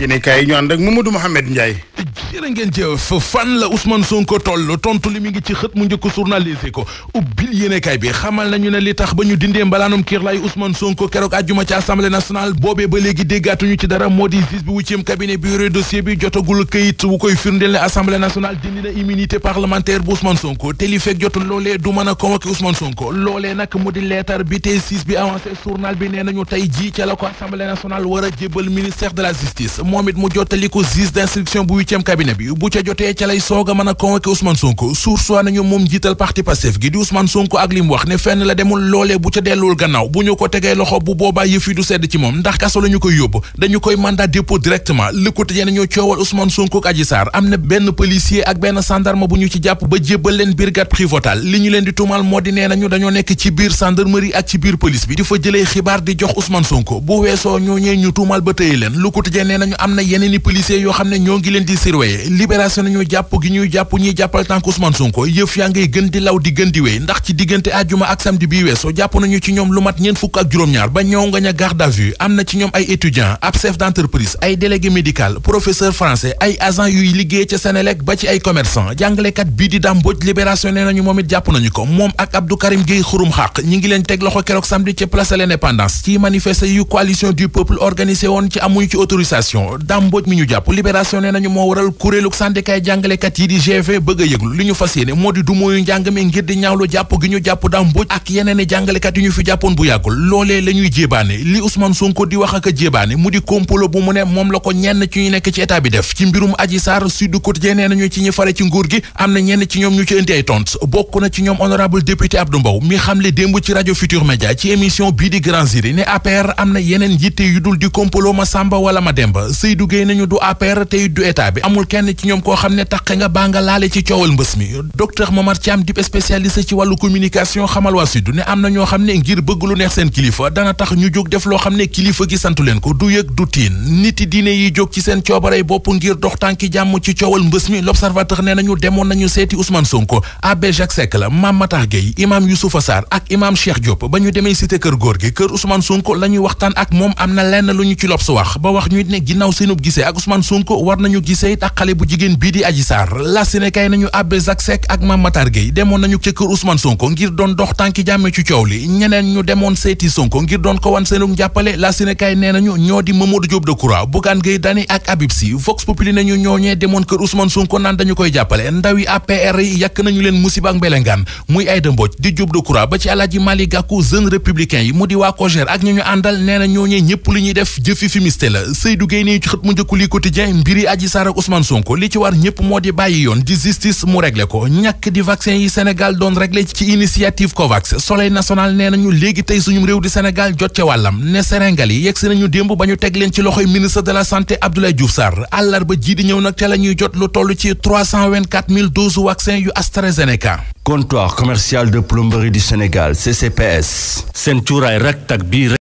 yéen yi ñu ànd ak Mamadou Mouhamed Ndiaye. jërë ngeen jëf fan la Ousmane Sonko toll tontu li mi ngi ci xët mu njëkk journalisé ko ubbil yéenekaay bi xamal nañu ne li tax ba ñu dindee mbalaanum kiirlaay Ousmane Sonko keroog àjjuma ci assemblée nationale boobee ba léegi déggaatuñu ci dara moo di juge bi huitième cabinet bi yore dossier bi jotagul këyit bu koy firndeel ne assemblée nationale dindi na immunité parlementaire bu Ousmane Sonko te li fekk jotul loolee du mën a convoqué Ousmane Sonko loolee nag mu di leetar bi te juge bi avancé journal bi nee nañu tey jii ca la ko assemblée nationale war a jébbal ministère de la justice moom it mu jottali ko juge d'instruction bu huitième cabinet cabinet bu ca jotee ca lay soog mën a convoquer Ousmane Sonko sursoi nañu moom jiital parti Pastef gi di Ousmane Sonko ak li wax ne fenn la demul loolee bu ca delluwul gannaaw bu ñu ko tegee loxo bu boobaa yëf yi du sedd ci moom ndax kaso la ñu yóbbu dañu koy mandat dépôt directement Le Quotidien ñoo coowal Ousmane Sonko ak am na benn policier ak benn gendarme bu ñu ci jàpp ba jébbal leen brigade prévôtale li ñu leen di tuumal moo nee nañu dañoo nekk libération nañu jàpp gi ñuy jàpp ñi jappal tank Ousmane Sonko yeuf ya ngay gën di law di gën di wee ndax ci diggante àjjuma ak samedi bii weeso jàpp nañu ci ñom lu mat fuk ak juroom ñaar ba nga garde vue am ci ñom ay étudiant ab chef d'entreprise ay délégué médical professeur français ay agent Yu liggéey ci Senelec ba ci ay commerçant kat bi di dàmboj libération nañu momit it nañu ko mom ak Abdou Karim Gueye xurum xaq ñi ngi leen teg loxo kérok samedi ci place de l'indépendance ci manifester yu coalition du peuple organisé won ci amuñu ci autorisation dàmboj mi ñu japp libération nañu mo waral kuréelu sandikaay jàngalekat yi di GV bëgg a yëglu li ñu fas yéene moo di du mooyu njàng mi ngir di ñaawlu jàpp gi ñu jàpp daam mbóoj ak yeneen i jàngalekat yi ñu fi jàppoon bu yàggul loolee la ñuy jéebaane li Ousmane Sonko di wax ak a jéebaane mu di complot bu mu ne moom la ko ñenn ci ñu nekk ci état bi def ci mbirum Adji sar Sud Quotidien nee nañu ci ñi fare ci nguur gi am na ñenn ci ñoom ñu ci indi bokk na ci ñoom honorable député Abdou Mbow mi xamle démb ci rajo Futur Média ci émission bii di Grand Jury ne na yeneen yitte dul di complot ma Samba wala ma Demba Seydou Gueye nañu du APR tey du état bi amul kenn ci ñoom koo xam ne taqe nga baa nga laale ci coowal mbës mi docteur Momar Thiam dib spécialiste ci wàllu communication xamal waa Sud ne am na ñoo xam ne ngir bëgg lu neex seen kilifa dana tax ñu jóg def loo xam ne kilifa gi santu leen ko du yëg du tiin niti diine yi jóg ci seen coobarey bopp ngir dox tànki jàmm ci coowal mbës mi l'observateur ne nañu demoon nañu seeti Ousmane Sonko abbé Jacques Seck la Mame Matar Gueye imam Youssoufa Sarr ak imam Cheikh ba ñu demee cité kër góor gi kër Ousmane Sonko la ñuy waxtaan ak moom am na lenn lu ñu ci lobs wax ba wax ñu ne ginnaaw seenub gisee ak Ousmane Sonko war nañu gisee xale bu jigéen bii di Adji Sarr la Sénégal nañu Abbé Zak Seck ak Mame Matar Gueye demoon nañu ca kër Ousmane Sonko ngir doon dox tànki jàmme ci coow li ñeneen ñu demoon seeti Sonko ngir doon ko wan seenu njàppale la Sénégal nee nañu ñoo di Mamadou Diop Decroix Bougane Gueye Dany ak Habib Sy Vox Populi nañu ñooñee demoon kër Ousmane Sonko naan dañu koy jàppale ndawi APR yi yàkk nañu leen musiba mbelengaan muy Aïda Mbodj di Diop Decroix ba ci Alaaji Malick Gakou yi di waa COJER ak ñu ñu àndal nee Ousmane li ci war ñëpp moo di bàyyi yoon di justice mu réglé ko ñàkk di vaccin yi Sénégal doon réglé ci initiative COVAX soleil national nee nañu léegi tey suñu réew di Sénégal jot ca wàllam ne Sénégal yi yegg si nañu démb ba ñu teg leen ci loxoy ministre de la santé Abdoulaye Diouf àllarba ji di ñëw nag te la ñuy jot lu toll ci 324 000 doses vaccin yu AstraZeneca. comptoir commercial de plomberie du Sénégal CCPS. seen cuuraay rek tak rek